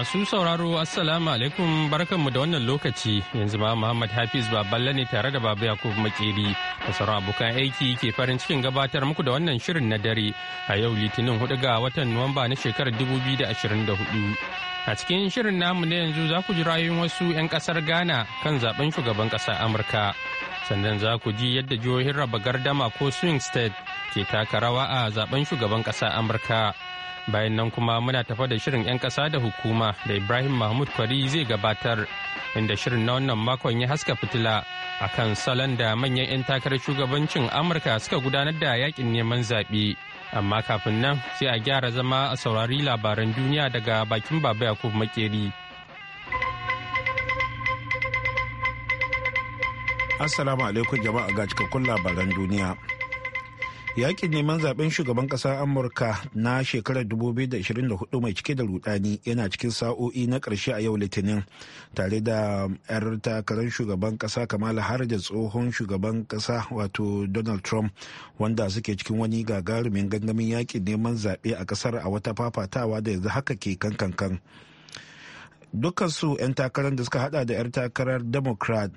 Masu sauraro Assalamu alaikum barkanmu da wannan lokaci yanzu ma Muhammad Hafiz Baballe ne tare da Baba Yakub Makeri da sauran abokan aiki ke farin cikin gabatar muku da wannan shirin na dare a yau Litinin 4 ga watan Nuwamba na shekarar 2024. A cikin shirin namu na yanzu za ku ji rayuwar wasu 'yan kasar Ghana kan zaben shugaban ƙasar Amurka. Sannan za ku ji yadda jihohin raba gardama ko swing state ke taka rawa a zaben shugaban ƙasar Amurka. bayan nan kuma muna tafa da shirin 'yan ƙasa da hukuma da ibrahim mahmud kwari zai gabatar inda shirin na wannan makon ya haska fitila a kan salon da manyan 'yan takarar shugabancin amurka suka gudanar da yakin neman zaɓe amma kafin nan sai a gyara zama a saurari labaran duniya daga bakin baba yakub makeri assalamu alaikum jama'a ga cikakkun labaran duniya yakin neman zaben shugaban ƙasar amurka na shekarar 2024 mai cike da rudani yana cikin sa'o'i na ƙarshe a yau litinin tare da 'yar takarar shugaban ƙasa kamala har da tsohon shugaban ƙasa wato donald trump wanda suke cikin wani gagarumin gangamin yakin neman zaɓe a ƙasar a wata fafatawa da yanzu haka ke kankan dukkan 'yan takarar da suka hada da 'yar takarar democrat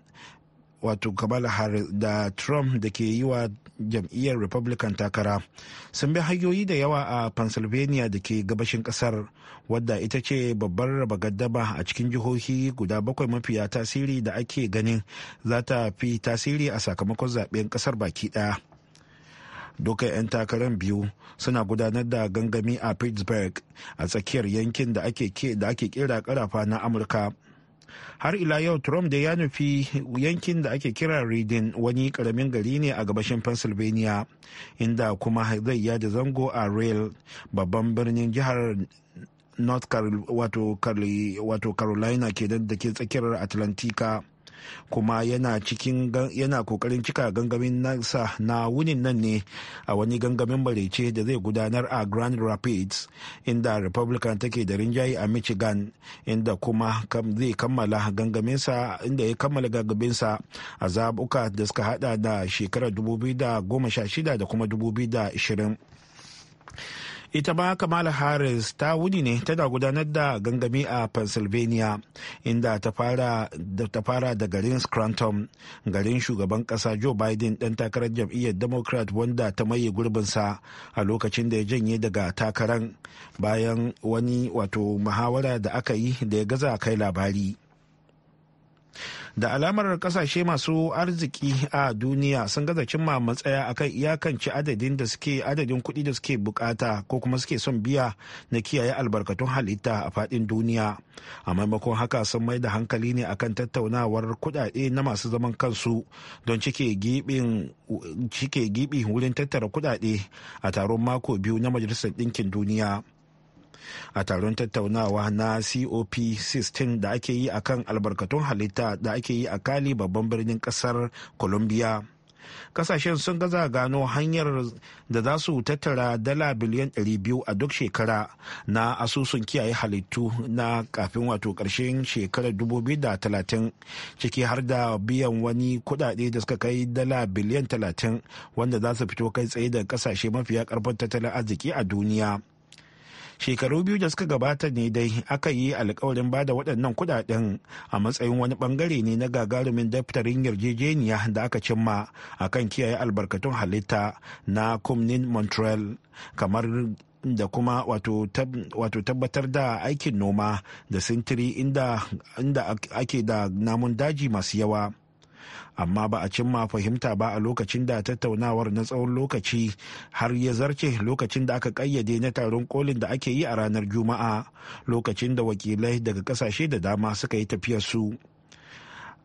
wato kamala harris da trump da ke yi wa jam'iyyar republican takara sun bi hanyoyi da yawa a pennsylvania da ke gabashin kasar wadda ita ce babbar raba gaddama a cikin jihohi guda bakwai mafiya tasiri da ake ganin za ta fi tasiri a sakamakon zaben kasar baki daya dokar 'yan takarar biyu suna gudanar da gangami a pittsburgh a tsakiyar yankin da ake kera karafa na amurka har ila yau trump da ya nufi yankin da ake kira reading wani karamin gari ne a gabashin pennsylvania inda kuma zai yada zango a rail babban birnin jihar north wato carolina ke da ke tsakiyar atlantika kuma yana cikin kokarin cika gangamin nasa na wunin nan ne a wani gangamin barece da zai gudanar a grand rapids inda republican take da rinjaye a michigan inda kuma zai kammala gangaminsa inda ya kammala gangaminsa a zabuka da suka hada da shekarar 2016 da kuma 2020 ita ma kamala harris ta wuni ne tana gudanar da gangami a pennsylvania inda ta fara da garin scranton garin shugaban kasa joe biden dan takarar jam'iyyar democrat wanda ta maye gurbinsa a lokacin da ya janye daga takarar bayan wani wato muhawara da aka yi da ya gaza kai labari da alamar kasashe masu arziki a duniya sun gaza cimma matsaya akan iyakanci adadin da suke adadin kuɗi da suke bukata ko kuma suke son biya na kiyaye albarkatun halitta a faɗin duniya a maimakon haka sun mai da hankali ne akan tattaunawar kuɗaɗe na masu zaman kansu don cike gibi wurin tattara kuɗaɗe a taron mako biyu na majalisar ɗinkin duniya a taron tattaunawa na cop 16 da ake yi akan albarkatun halitta da ake yi a kali babban birnin kasar colombia kasashen sun gaza gano hanyar da za su tattara dala biliyan 200 a duk shekara na asusun kiyaye halittu na kafin wato karshen shekarar 2030 ciki har da biyan wani kudade da suka kai dala biliyan 30 wanda za su fito kai tsaye da kasashe mafiya karfin tattalin arziki a duniya shekaru biyu da suka gabata ne dai aka yi alkawarin bada waɗannan kudaden a matsayin wani bangare ne na gagarumin daftarin yarjejeniya da aka cimma a kan kiyaye albarkatun halitta na kumnin montreal kamar da kuma wato tabbatar da aikin noma da sintiri inda ake da namun daji masu yawa amma ba a cimma fahimta ba a lokacin da tattaunawar na tsawon lokaci har ya zarce lokacin da aka kayyade na taron kolin da ake yi a ranar juma'a lokacin da wakilai daga kasashe da dama suka yi tafiyarsu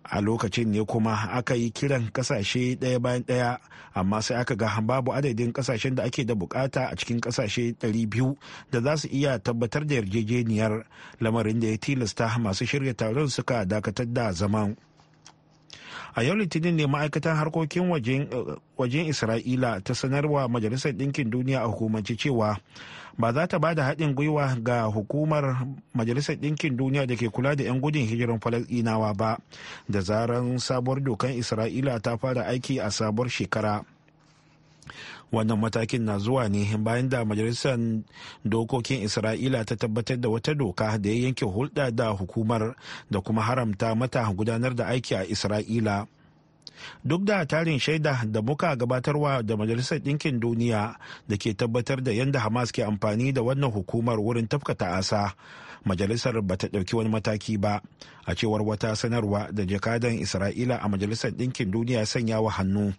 a lokacin ne kuma aka yi kiran kasashe ɗaya bayan ɗaya amma sai aka ga babu adadin kasashen da ake da bukata a cikin kasashe 200 da za su iya tabbatar da yarjejeniyar lamarin da ya tilasta masu shirya taron suka dakatar da zaman. a yau litinin ne ma'aikatan harkokin wajen isra'ila ta sanarwa majalisar ɗinkin duniya a hukumance cewa ba za ta ba da haɗin gwiwa ga hukumar majalisar ɗinkin duniya da ke kula da 'yan gudun hijiran falasɗinawa ba da zaran sabuwar dokan isra'ila ta fara aiki a sabuwar shekara wannan matakin na zuwa ne bayan da majalisar dokokin isra'ila ta tabbatar da wata doka da ya yanke hulɗa da hukumar da kuma haramta mata gudanar da aiki a isra'ila duk da tarin shaida da muka gabatarwa da majalisar ɗinkin duniya da ke tabbatar da yadda hamas ke amfani da wannan hukumar wurin tafka asa majalisar ba ta ɗauki wani mataki ba a cewar wata sanarwa da jakadan isra'ila a majalisar ɗinkin duniya sanya wa hannu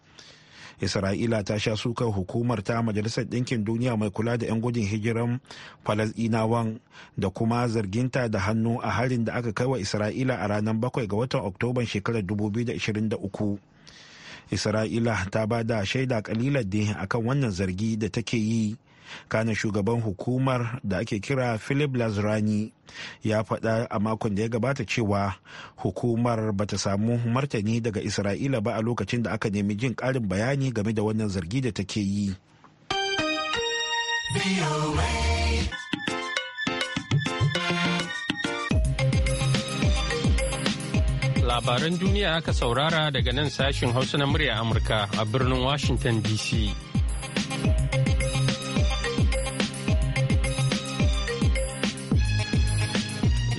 isra'ila ta sha sukar hukumar ta majalisar ɗinkin duniya mai kula da 'yan gudun hijiran falasɗinawan da kuma zarginta da hannu a harin da aka kai wa isra'ila a ranar 7 ga watan oktoban shekarar 2023 isra'ila ta ba da shaida kalilar ne akan wannan zargi da take yi kanin shugaban hukumar da ake kira philip lazrani ya faɗa a makon da ya gabata cewa hukumar bata samu martani daga isra'ila ba a lokacin da aka nemi jin ƙarin bayani game da wannan zargi da take yi labaran duniya aka saurara daga nan sashin hausa na murya amurka a birnin washington dc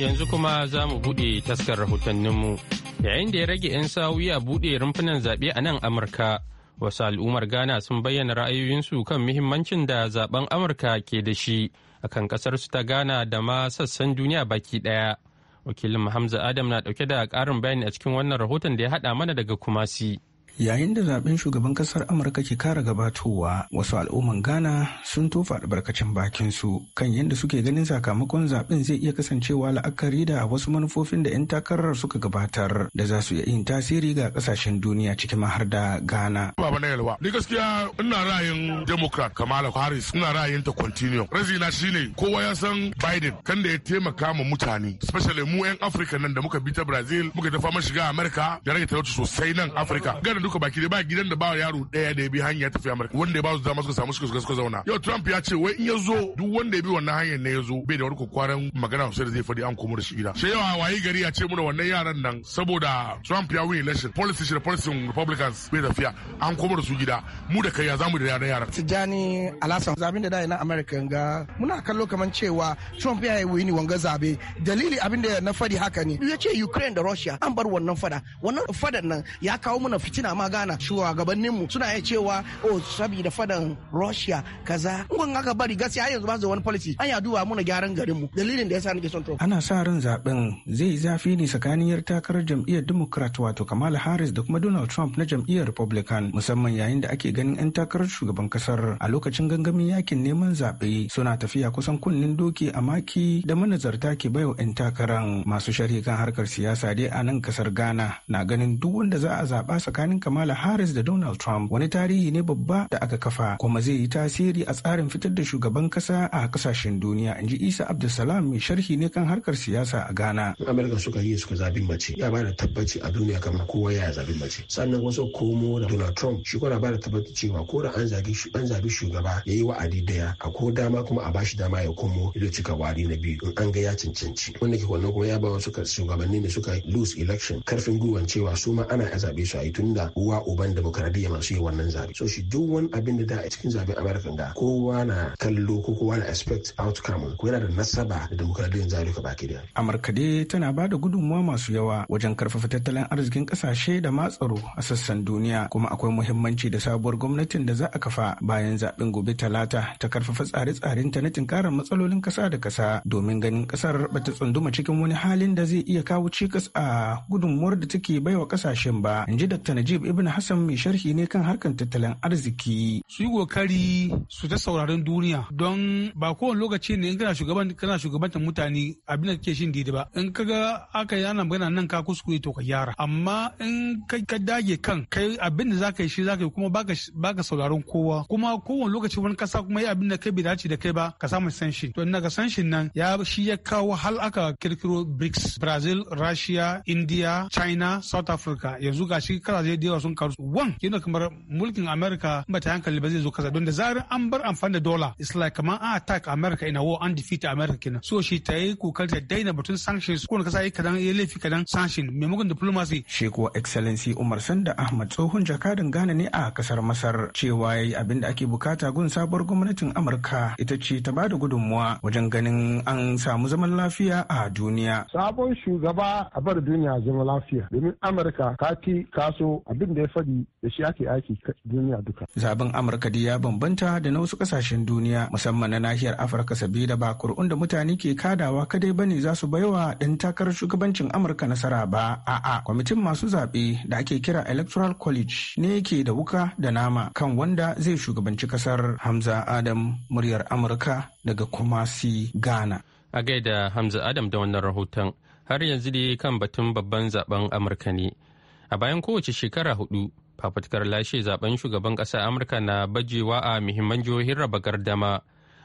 yanzu kuma za mu buɗe taskar rahotanninmu yayin da ya rage 'yan sa'o'i a buɗe rumfunan zaɓe a nan amurka wasu al'ummar ghana sun bayyana ra'ayoyinsu kan muhimmancin da zaben amurka ke da shi akan ƙasarsu ta ghana da ma sassan duniya baki ɗaya wakilin hamza adam na ɗauke da ƙarin bayani a cikin wannan rahoton da ya haɗa mana daga kumasi. yayin da zaben shugaban kasar amurka ke kara gabatowa wasu al'umman ghana sun tofa albarkacin bakin su kan yadda suke ganin sakamakon zaben zai iya kasancewa la'akari da wasu manufofin da 'yan takarar suka gabatar da za su iya yin tasiri ga kasashen duniya cikin har da ghana baba na yalwa ni gaskiya ina ra'ayin democrat kamala harris ina ra'ayin ta continue razina shine kowa ya san biden kan da ya taimaka ma mutane especially mu 'yan afirka nan da muka bi ta brazil muka dafa shiga america da rage talauci sosai nan afirka gana duka baki ba gidan da ba yaro daya da ya bi hanya tafi amurka wanda ya ba su dama suka samu suka suka zauna yau trump ya ce wai in ya zo duk wanda ya bi wannan hanyar ne ya zo bai da wani kwaran magana sosai da zai faɗi an komo da shi gida sai yawa a wayi gari ya ce muna wannan yaran nan saboda trump ya win election policy shi da policy republicans bai tafiya an komo da su gida mu da kai ya zamu da yaran yaran tijani alasan zabin da dai na america ga muna kallo kaman cewa trump ya yi wini wanga zabe dalili abin da na faɗi haka ne ya ce ukraine da russia an bar wannan fada wannan fadan nan ya kawo muna fitina ma gana shugabannin mu suna iya cewa o oh, saboda fadan Russia kaza kun aka bari gaskiya yanzu ba su wani policy an ya duba muna gyaran garin mu dalilin da yasa nake son to ana sa ran zaben zai zafi ne tsakanin yar takarar jam'iyyar Democrat wato Kamala Harris da kuma Donald Trump na jam'iyyar Republican musamman yayin da ake ganin 'yan takarar shugaban kasar a lokacin gangamin yakin neman zaɓe suna tafiya kusan kunnen doki a maki da manazarta ke baiwa 'yan takarar masu sharhi kan harkar siyasa dai a nan kasar Ghana na ganin duk wanda za a zaɓa tsakanin Kamala Harris da Donald Trump wani tarihi ne babba da aka kafa kuma zai yi tasiri a tsarin fitar da shugaban kasa a kasashen duniya in ji Isa Abdulsalam mai sharhi ne kan harkar siyasa a Ghana. Amurka suka yi suka zabi mace ya bada tabbaci a duniya kamar kowa ya zabi mace sannan wasu komo da Donald Trump shi kuma bada tabbaci cewa ko da an zabi shugaba ya yi wa'adi daya a ko dama kuma a bashi dama ya komo ya cika wari na biyu in an ga ya cancanci wanda ke wannan kuma ya ba wasu shugabanni da suka lose election karfin gwiwan cewa su ma ana zabe su a yi tunda da uwa uban demokradiyya masu yi wannan zabe so shi duk wani abin da da a cikin zaben america da kowa na kallo ko kowa na expect outcome ko yana da nasaba da demokradiyyar zabe ka baki da amurka dai tana ba da gudunmuwa masu yawa wajen karfafa tattalin arzikin kasashe da matsaro a sassan duniya kuma akwai muhimmanci da sabuwar gwamnatin da za a kafa bayan zaben gobe talata ta karfafa tsare-tsaren ta na tinkarar matsalolin kasa da kasa domin ganin kasar bata tsunduma cikin wani halin da zai iya kawo cikas a gudunmuwar da take baiwa kasashen ba in ji dr Sharif Ibn Hassan mai sharhi ne kan harkar tattalin arziki. Su yi kokari su ta sauraron duniya don ba kowane lokaci ne in kana shugaban kana shugabantar mutane abin da kake shin didi ba. In ka ga aka yi ana magana nan ka kuskure to ka gyara. Amma in ka dage kan kai abin da zaka yi shi zaka yi kuma baka sauraron kowa. Kuma kowane lokaci wani kasa kuma yi abin da kai bai dace da kai ba ka samu sanshin. To ina ga sanshin nan ya shi ya kawo hal aka kirkiro BRICS Brazil, Russia, India, China, South Africa yanzu gashi karaje yawa sun karu wan yana kamar mulkin america ba ta hankali ba zai zo kasa don da zarar an bar amfani da dola it's like kamar an attack america in a war an defeat america kenan so shi ta yi kokar ta daina batun sanctions ko kasa yi kadan ya laifi kadan sanction maimakon diplomacy shi excellency umar sanda ahmad tsohon jakadin ghana ne a kasar masar cewa yayi abin da ake bukata gun sabuwar gwamnatin amurka ita ce ta bada gudunmuwa wajen ganin an samu zaman lafiya a duniya sabon shugaba a bar duniya zama lafiya domin amurka ta ki kaso a Duk da ya fadi da shi ake aiki duniya duka. Zaben Amurka dai ya bambanta da na wasu ƙasashen duniya musamman na nahiyar Afirka sabida ba kur'un da mutane ke kadawa kadai bane za su baiwa ɗan takarar shugabancin Amurka nasara ba a'a kwamitin masu zaɓe da ake kira Electoral College ne ke da wuka da nama kan wanda zai shugabanci ƙasar Hamza Adam muryar Amurka daga Kumasi Ghana. A gaida Hamza Adam da wannan rahoton har yanzu dai kan batun babban zaben Amurka ne. a bayan kowace shekara hudu fafatkar lashe zaben shugaban ƙasar amurka na bajewa a muhimman jihohin raba gardama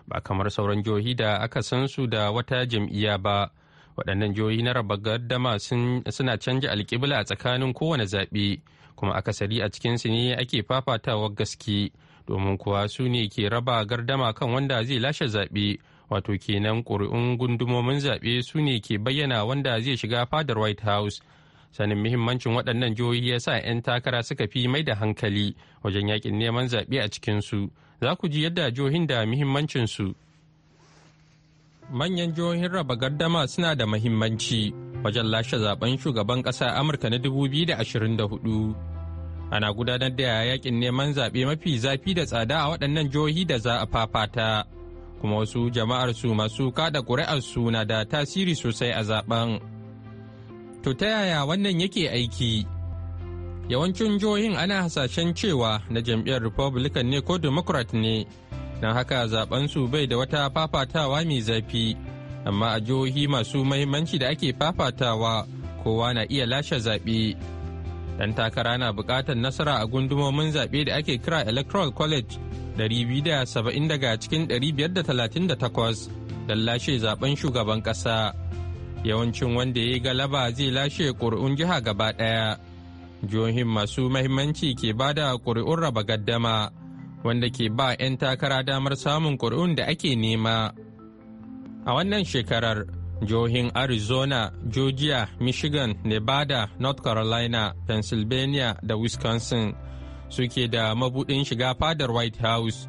ba kamar sauran jihohi da aka san su da wata jam'iyya ba waɗannan jihohi na raba gardama suna canja alƙibla a tsakanin kowane zaɓe kuma akasari a cikin su ne ake fafatawa gaske domin kuwa su ne ke raba gardama kan wanda zai lashe zaɓe wato kenan ƙuri'un gundumomin zaɓe su ne ke bayyana wanda zai shiga fadar white house sanin muhimmancin waɗannan jihohi ya sa 'yan takara suka fi mai da hankali wajen yakin neman zaɓe a cikinsu za ku ji yadda jihohin da muhimmancinsu manyan jihohin raba gardama suna da muhimmanci wajen lashe zaben shugaban ƙasa amurka na 2024 ana gudanar da yakin neman zaɓe mafi zafi da tsada a waɗannan jihohi da za a fafata kuma wasu jama'ar su masu kada ƙuri'ar su na da tasiri sosai a zaben To ta yaya wannan yake aiki? Yawancin jihohin ana hasashen cewa na jam'iyyar Republican ne ko Democrat ne, don haka su bai da wata fafatawa mai zafi, amma a jihohi masu mahimmanci da ake fafatawa kowa na iya lashe zaɓe. Dan takara na buƙatar nasara a gundumomin zaɓe da ake kira Electoral College 270 daga cikin 538 don lashe zaben shugaban ƙasa. yawancin wanda ya yi galaba zai lashe ƙuri'un jiha gaba ɗaya jihohin masu mahimmanci ke ba da ƙuri'un raba gaddama wanda ke ba 'yan takara damar samun ƙuri'un da ake nema a wannan shekarar jihohin arizona georgia michigan nevada north carolina pennsylvania da wisconsin suke da mabudin shiga fadar white house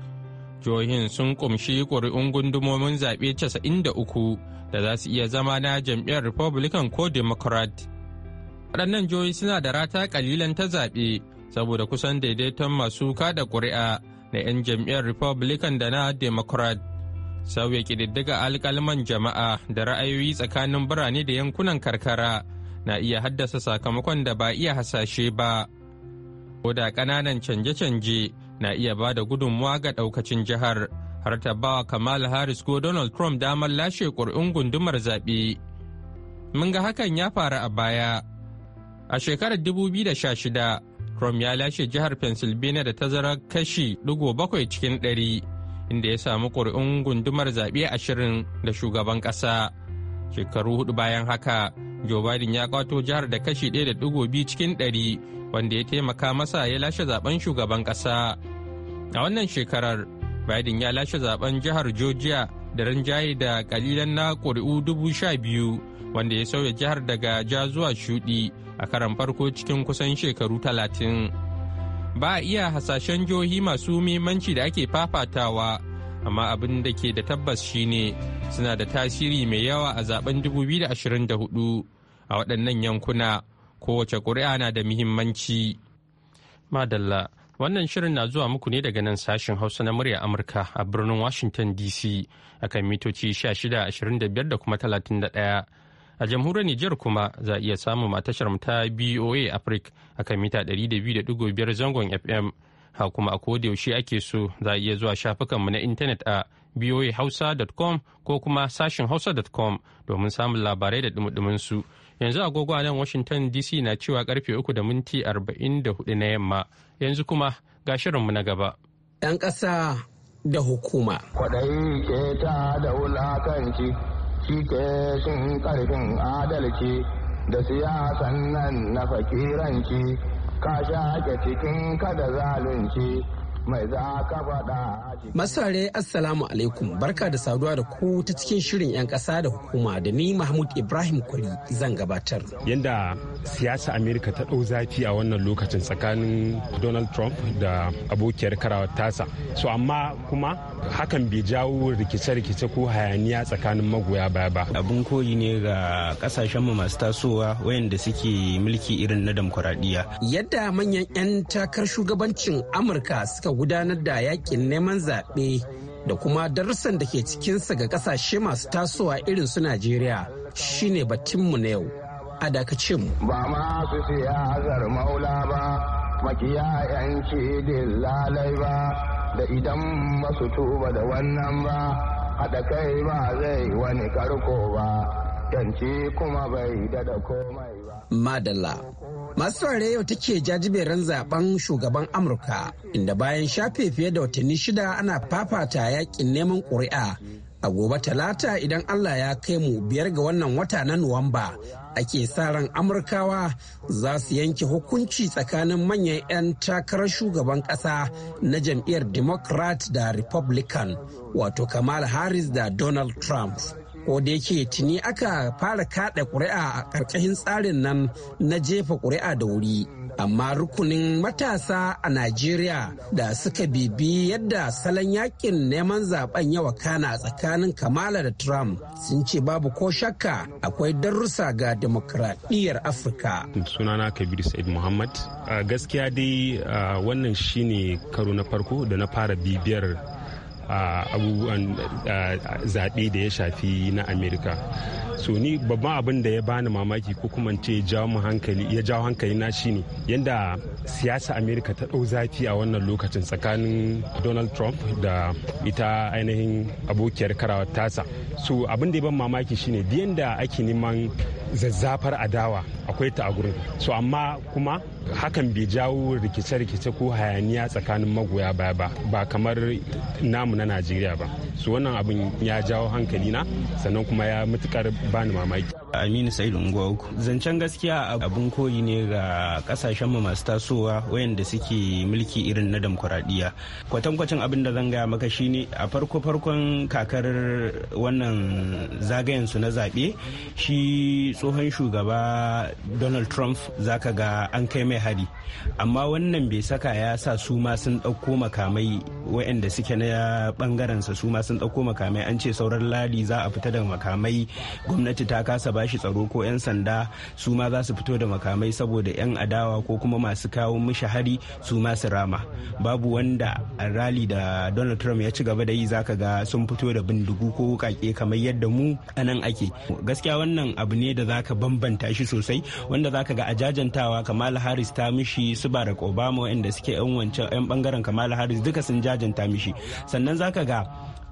jihohin sun kumshi ƙuri'un gundumomin zaɓe 93 da za su iya zama na jam'iyyar republican ko democrat waɗannan jihohi suna da rata ƙalilan ta zaɓe saboda kusan daidaiton masu kada ƙuri'a na 'yan jam'iyyar republican da na democrat sauya ƙididdiga alƙalman jama'a da ra'ayoyi tsakanin birane da yankunan karkara na iya haddasa sakamakon da ba iya hasashe ba ko da ƙananan canje-canje na iya ba da gudunmuwa ga ɗaukacin jihar har ta ba Kamala Harris ko Donald Trump damar lashe ƙuri'un gundumar zaɓe. Mun ga hakan ya faru a baya. A shekarar 2016, Trump ya lashe jihar Pennsylvania da tazarar kashi bakwai cikin ɗari, inda ya samu ƙuri'un gundumar zaɓe ashirin da shugaban ƙasa. Shekaru hudu bayan haka, Joe Biden ya kwato jihar da kashi ɗaya da biyu cikin ɗari, wanda ya taimaka masa ya lashe zaben shugaban ƙasa. A wannan shekarar, biden ya lashe zaben jihar georgia da rinjaye da kalilan na ƙuri'u dubu sha biyu wanda ya sauya jihar daga ja zuwa shuɗi a karan farko cikin kusan shekaru talatin ba a iya hasashen jihohi masu muhimmanci da ake fafatawa amma abin da ke da tabbas shine suna da tasiri mai yawa a zaben 2024 a waɗannan yankuna kowace ƙuri'a na da muhimmanci madalla Wannan shirin na zuwa muku ne daga nan sashen Hausa na murya Amurka a birnin Washington DC a kan mitoci 1625 da kuma 31. A jamhuriyar Nijar kuma za a iya samun matashar ta BOA Africa kan mita 200.5 zangon FM. Ha kuma a koda yaushe ake so za a iya zuwa shafukanmu na intanet a boahausa.com ko kuma sashen hausa.com domin samun labarai da dumudumin su. yanzu agogo a nan washington dc na cewa karfe 3 da minti 44 na yamma yanzu kuma ga shirinmu na gaba 'yan ƙasa da hukuma kwaɗayi ke ta da wulakanci shi ke sun ƙarfin adalci da siyasan nan na fakiranci ka shaƙe cikin kada zalunci Masare Assalamu alaikum barka da saduwa da ku ta cikin shirin 'yan ƙasa da hukuma da ni Mahmud Ibrahim Kwari zan gabatar. Yanda siyasa Amerika ta ɗau zafi a wannan lokacin tsakanin Donald Trump da abokiyar karawar tasa. So amma kuma hakan bai jawo rikice-rikice ko hayaniya tsakanin magoya baya ba. Abun koyi ne ga kasashen mu masu tasowa wayanda suke mulki irin na Yadda manyan 'yan takar shugabancin Amurka suka gudanar da yakin neman zaɓe da kuma darussan da ke cikinsa ga ƙasashe masu tasowa irin su Najeriya shine batunmu na yau. A dakacin Ba ma su azar maula ba, makiya yanci lalai ba, da idan masu tuba da wannan ba, haɗa kai ba zai wani karko ba, yanci kuma bai da komai ba. Madalla. masu saurare yau take jajiberin zaben shugaban amurka inda bayan shafe fiye da watanni shida ana fafata yakin neman ƙuri'a a gobe talata idan allah ya kai mu biyar ga wannan wata na nuwamba ake sa ran amurkawa za su yanke hukunci tsakanin manyan 'yan takarar shugaban ƙasa na jam'iyyar democrat da republican wato kamala harris da donald trump ko da yake tuni aka fara kada ƙuri'a a ƙarƙashin tsarin nan na jefa ƙuri'a da wuri amma rukunin matasa a najeriya da suka bibi yadda salon yakin neman zaben yawa kana tsakanin kamala da trump sun ce babu ko shakka akwai darussa ga demokradiyyar afirka sunana kabir said muhammad gaskiya dai wannan shine karo na farko da na fara bibiyar abubuwan zaɓe da ya shafi na amerika so ni babban abin da ya bani mamaki ko kuma ce ya jawo hankali na shine yadda siyasa amerika ta ɗau zafi a wannan lokacin tsakanin donald trump da ita ainihin abokiyar karawa tasa so abin da ya ban mamaki shine yadda ake neman zazzafar adawa akwai ta a gurin so amma kuma hakan bai jawo rikice-rikice ko hayaniya tsakanin magoya baya ba ba kamar namu na najeriya ba su wannan abin ya jawo hankali na sannan kuma ya matukar bani mamaki Aminu Said Unguwa uku. Zancen gaskiya abun koyi ne ga kasashen mu masu tasowa wayanda suke mulki irin na demokuraɗiyya. Kwatankwacin abin da zan gaya maka shine a farko farkon kakar wannan zagayensu na zaɓe shi tsohon shugaba Donald Trump zaka ga an kai mai hari. Amma wannan bai saka ya sa su ma sun ɗauko makamai wayanda suke na bangaren sa su ma sun ɗauko makamai an ce sauran ladi za a fita da makamai gwamnati ta kasa bashi tsaro ko 'yan sanda su ma za su fito da makamai saboda 'yan adawa ko kuma masu kawo mishi hari su ma su rama babu wanda a rali da donald trump ya ci gaba da yi zaka ga sun fito da bindigu ko kake kamar yadda mu a nan ake gaskiya wannan abu ne da zaka bambanta shi sosai wanda zaka ga a jajantawa kamala harris ta mishi su barack obama inda suke 'yan wancan 'yan bangaren kamala harris duka sun jajanta mishi sannan zaka ga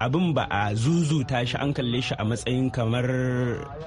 abin ba a zuzuta shi an kalle shi a matsayin kamar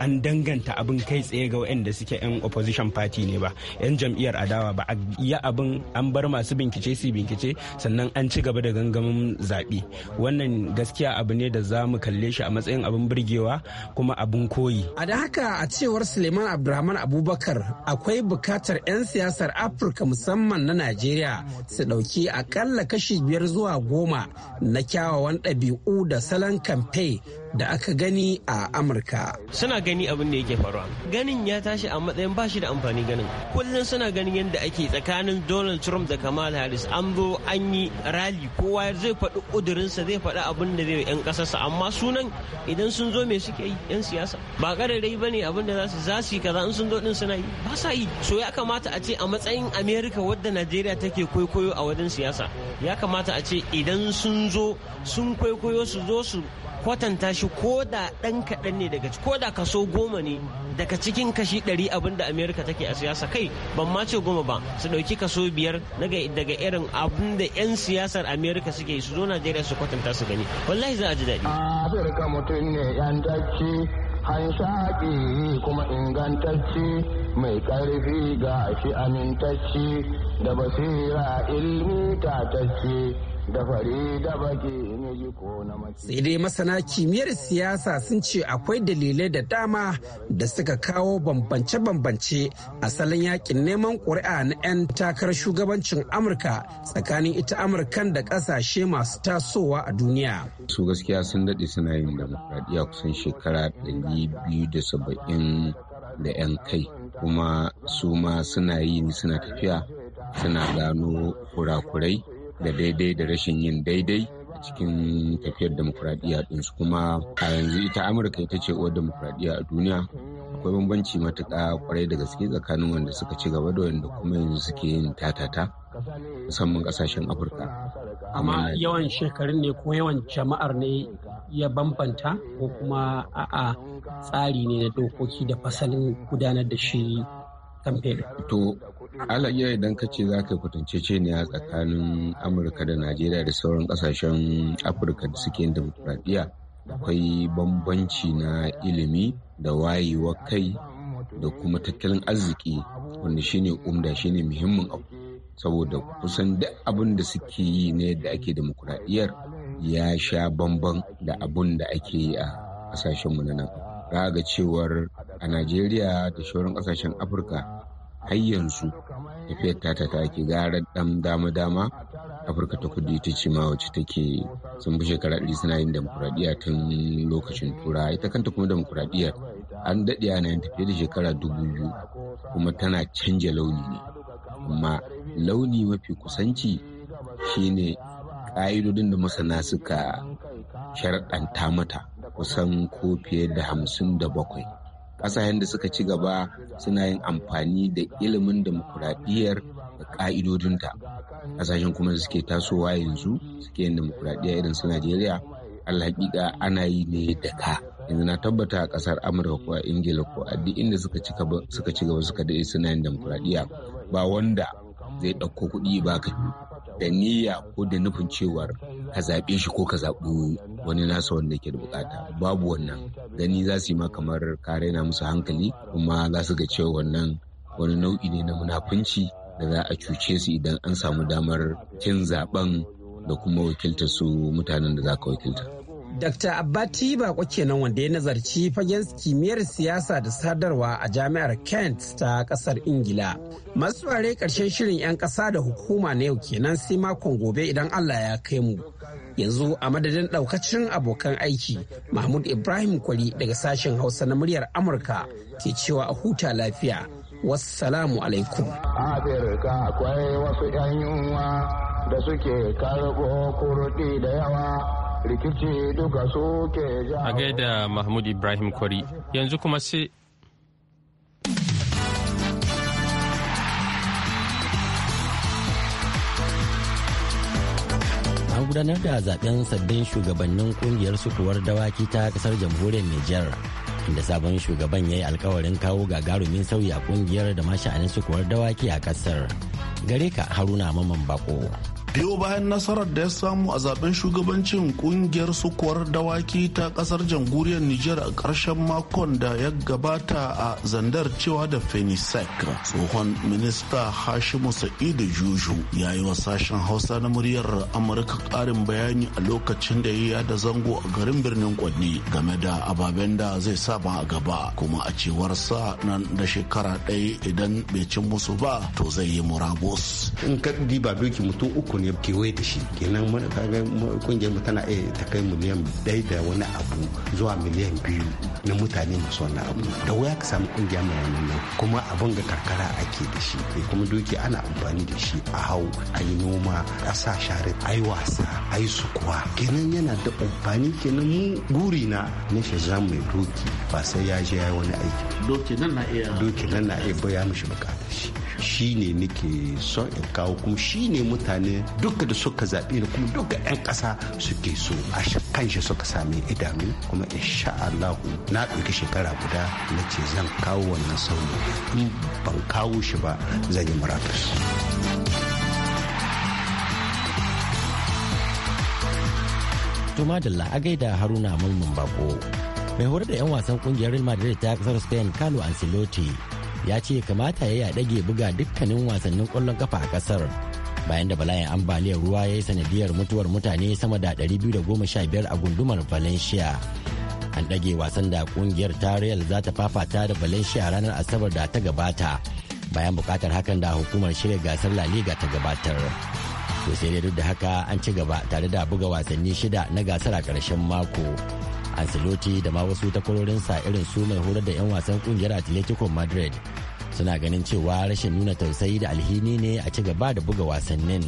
an danganta abin kai tsaye ga waɗanda suke 'yan opposition party ne ba 'yan jam'iyyar adawa ba a yi abin an bar masu bincike su bincike sannan an ci gaba da gangamin zaɓe wannan gaskiya abu ne da za mu kalle shi a matsayin abin burgewa kuma abin koyi a da haka a cewar suleiman abdulrahman abubakar akwai bukatar 'yan siyasar afirka musamman na najeriya su ɗauki akalla kashi biyar zuwa goma na kyawawan ɗabi'u da salon kamfe da aka gani a amurka suna gani abin da yake faruwa ganin ya tashi a matsayin ba shi da amfani ganin kullum suna ganin yadda ake tsakanin donald trump da kamal harris an zo an yi rali kowa zai faɗi ƙudurinsa zai faɗi abin da zai yan ƙasarsa amma sunan idan sun zo me suke yi yan siyasa ba ƙararai ba ne abin da za su yi kaza in sun zo din suna yi ba sa yi so ya kamata a ce a matsayin america wadda najeriya take kwaikwayo a wajen siyasa ya kamata a ce idan sun zo sun kwaikwayo su zo su kwatanta shi ko da ɗan kaɗan ne daga ko da kaso goma ne daga cikin kashi ɗari abin da amerika take a siyasa kai ban ma ce goma ba su ɗauki kaso biyar daga irin abin da 'yan siyasar amerika suke su zo najeriya su kwatanta su gani wallahi za a ji daɗi. afirka mutum ne yan dace hanshaƙi kuma ingantacce mai ƙarfi ga shi amintacce da basira ilmi tatacce da fari da baki sai dai masana kimiyyar siyasa sun ce akwai dalilai da dama da suka kawo bambance-bambance a salon yakin neman ƙuri'a na 'yan takarar shugabancin amurka tsakanin ita amurkan da ƙasashe masu tasowa a duniya su gaskiya sun daɗe suna yin demokradiyya kusan shekara 270 da 'yan kai kuma su ma suna yi suna tafiya suna gano kurakurai da daidai da rashin yin daidai cikin tafiyar demokuraɗiyya ɗinsu kuma a yanzu ita amurka ita ce uwar demokuraɗiyya a duniya akwai bambanci matuƙa kwarai da gaske tsakanin wanda suka ci gaba da wanda kuma yanzu suke yin tatata musamman ƙasashen afirka amma yawan shekarun ne ko yawan jama'ar ne ya bambanta ko kuma a'a tsari ne na dokoki da fasalin gudanar da shi kamfe to alayya idan ka ce za ka kwatance ce ne a tsakanin amurka da najeriya da sauran kasashen afirka da suke yin demokuraɗiyya akwai bambanci na ilimi da wayewa kai da kuma tattalin arziki wanda shine umda shine muhimmin abu saboda kusan duk abin da suke yi na yadda ake demokuraɗiyyar ya sha bamban da abin da ake yi a kasashen mu na nan ga cewar a najeriya da sauran ƙasashen afirka har yanzu tafiyar ta ta ake gara dan dama dama afirka ta kudu ita ce ma wacce take sun bi shekara ɗari suna yin demokuraɗiyya tun lokacin tura ita kanta kuma demokuraɗiyyar an daɗe ana yin tafiye da shekara dubu biyu kuma tana canja launi ne amma launi mafi kusanci shine ƙa'idodin da masana suka sharaɗanta mata kusan ko fiye da hamsin da bakwai ƙasashen da suka ci gaba suna yin amfani da ilimin demokuraɗiyyar da ƙa'idodinta ƙasashen kuma da suke tasowa yanzu suke yin demokuraɗiyya irin su najeriya alhaƙiƙa ana yi ne da ka yanzu na tabbata a ƙasar amurka ko a ingila ko a duk inda suka ci gaba suka daɗe suna yin demokuraɗiyya ba wanda zai ɗauko kuɗi ba ka da niyya ko da nufin cewar ka zaɓe shi ko ka zaɓi wani nasa wanda ke da bukata babu wannan gani za su yi ma kamar ka raina musu hankali kuma za su ga cewa wannan wani nau'i ne na munafunci da za a cuce su idan an samu damar cin zaben da kuma wakiltar su mutanen da za ka wakilta. Dr. Abbati Bako kenan wanda ya nazarci fagen kimiyyar siyasa da sadarwa a jami'ar Kent ta kasar Ingila. Masu ware karshen shirin 'yan ƙasa da hukuma na yau kenan sai makon gobe idan Allah ya kai mu. yanzu a madadin daukacin abokan aiki mahmud ibrahim kwari daga sashen hausa na muryar amurka ke cewa a huta lafiya wassalamu alaikum afirka akwai wasu 'yan yunwa da suke karbo kurɗi da yawa rikici duka suke a gaida mahmud ibrahim kwari yanzu kuma sai gudanar da zaben sabbin shugabannin kungiyar sukuwar dawaki ta kasar jamhuriyar Nijar. Inda sabon shugaban ya yi alkawarin kawo gagarumin sauyi a kungiyar da masha'anin sukuwar dawaki a kasar. gare ka haruna maman bako biyo bayan nasarar da ya samu a zaben shugabancin kungiyar sukuwar dawaki ta kasar jamhuriyar niger a ƙarshen makon da ya gabata a zandar cewa da fenisek tsohon minista hashimu sa'idu juju ya yi wa sashen hausa na muryar amurka ƙarin bayani a lokacin da ya yi da zango a garin birnin kwanne game da ababen da zai sama a gaba kuma a cewar sa nan da shekara ɗaya idan bai cin musu ba to zai yi murago takwas in ka ba doki mutum uku ne waye da shi kenan kungiyar mu tana iya ta kai miliyan ɗaya da wani abu zuwa miliyan biyu na mutane masu wannan abu da waya ka samu kungiya mai wannan nan kuma abin ga karkara ake da shi kuma doki ana amfani da shi a hau a yi noma a sa share a yi wasa a yi sukuwa kenan yana da amfani kenan mu guri na na shi za mai doki ba sai ya je ya wani aiki doki nan na iya doki nan na iya baya mishi bukatar shi shi ne nake son in kawo kuma shi ne mutane duka da suka zaɓe ni kuma duka 'yan ƙasa suke so a kanshi suka sami idanu kuma insha Allah na ɗauki shekara guda na ce zan kawo wannan sauyi in ban kawo shi ba zan yi murabus. Tuma Dalla a gaida haruna mulmin bako mai horar da 'yan wasan kungiyar real madrid ta kasar spain carlo ancelotti ya ce kamata ya ya dage buga dukkanin wasannin kwallon kafa a ƙasar. bayan da bala'in ambaliyar ruwa ya yi sanadiyar mutuwar mutane sama da 215 a gundumar valencia an ɗage wasan da kungiyar ta real za ta fafata da valencia ranar asabar da ta gabata bayan bukatar hakan da hukumar shirya gasar la liga ta gabatar sosai sai duk da haka an ci gaba tare da buga wasanni shida na gasar a ƙarshen mako ancelotti da ma wasu takwarorinsa irin su mai horar da 'yan wasan kungiyar atletico madrid suna ganin cewa rashin nuna tausayi da alhini ne a ci gaba da buga wasannin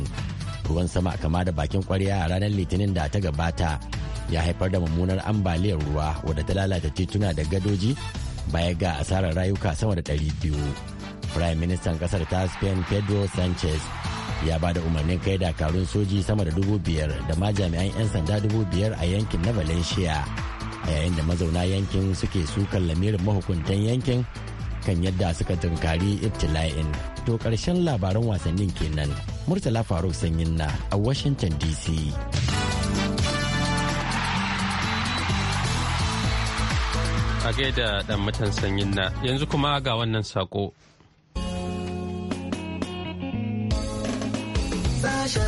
ruwan sama kama da bakin kwarya a ranar litinin da ta gabata ya haifar da mummunar ambaliyar ruwa wadda ta lalata tituna da gadoji baya ga asarar rayuka sama da 200 prime ministan kasar ta spain pedro sanchez ya ba da umarnin kai dakarun soji sama da dubu biyar da ma jami'an 'yan sanda dubu biyar a yankin na valencia a yayin da mazauna yankin suke sukan lamirin mahukuntan yankin kan yadda suka tunkari iftila'in to karshen labaran wasannin kenan murtala faruk sanyin na a washington dc a gaida dan mutan sanyin na yanzu kuma ga wannan sako Sasha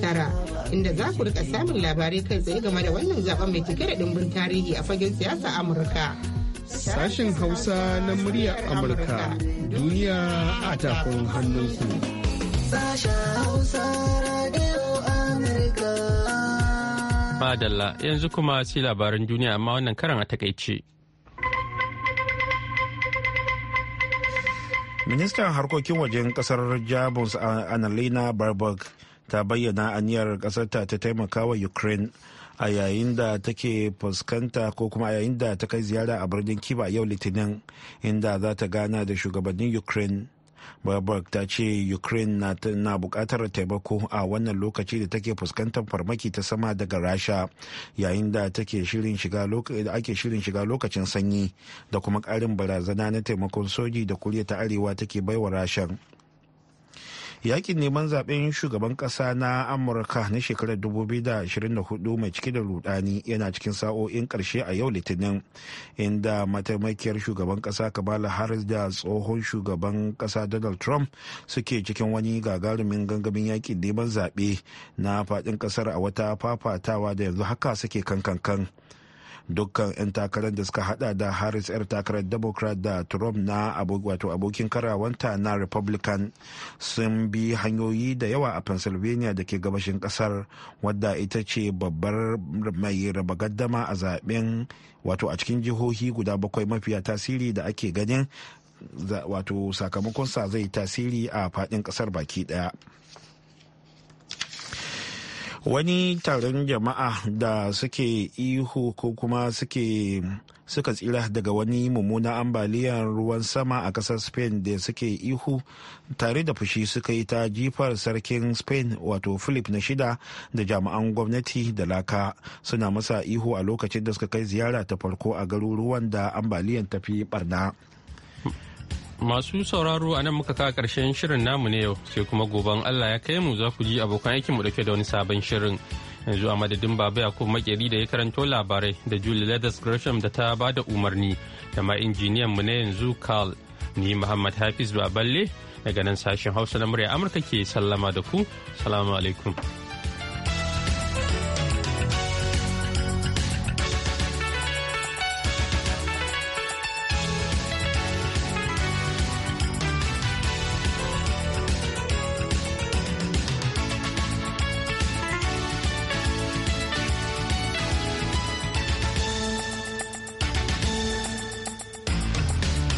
tara inda za ku rika samun labarai kai tsaye game da wannan zaben mai cike da dimbin tarihi a fagen siyasa Amurka. Sashen Hausa na murya Amurka duniya a takon hannunku. Madalla yanzu kuma sai labaran duniya amma wannan karan a takaice. ministan harkokin wajen kasar jamus annalena barbog ta bayyana aniyar kasarta ta taimaka wa ukraine a yayin da take fuskanta ko kuma a yayin da ta kai ziyara a birnin kiba yau litinin inda za ta gana da shugabannin ukraine babak ta ce ukraine na bukatar taimako a wannan lokaci da take fuskantar farmaki ta sama daga rasha yayin da ake shirin shiga lokacin sanyi da kuma karin barazana na taimakon soji da kuriya ta arewa take baiwa rashan yakin neman zaben shugaban kasa na amurka na shekarar 2024 mai cike da rudani yana cikin sa'o'in karshe a yau litinin inda mataimakiyar shugaban kasa kamala harris da tsohon shugaban kasa donald trump suke cikin wani gagarumin gangamin yakin neman zaɓe na faɗin ƙasar a wata fafatawa da yanzu haka suke kankankan. kan dukkan 'yan takarar da suka hada da harris 'yar takarar democrat da trump na wato abokin karawanta na republican sun bi hanyoyi da yawa a pennsylvania da ke gabashin kasar wadda ita ce babbar mai raba gaddama a zaben wato a cikin jihohi guda bakwai mafiya tasiri da ake ganin wato sakamakonsa zai tasiri a faɗin ƙasar baki ɗaya. wani taron jama'a da suke ihu ko kuma suke suka tsira daga wani mummunan ambaliyar ruwan sama a kasar spain da suke ihu tare da fushi suka yi ta jifar sarkin spain wato philip na shida da jami'an gwamnati da laka suna masa ihu a lokacin da suka kai ziyara ta farko a garuruwan da ambaliyar tafi barna Masu sauraro a nan muka kawo ƙarshen shirin namu ne yau sai kuma goben Allah ya kai mu za ku ji abokan aikin mu dauke da wani sabon shirin. Yanzu a madadin Baba Yakub Makeri da ya karanto labarai da Julie Leathers Gresham da ta ba da umarni da ma injiniyan mu na yanzu Carl ni Muhammad Hafiz Baballe daga nan sashen Hausa na murya Amurka ke sallama da ku. Salamu alaikum.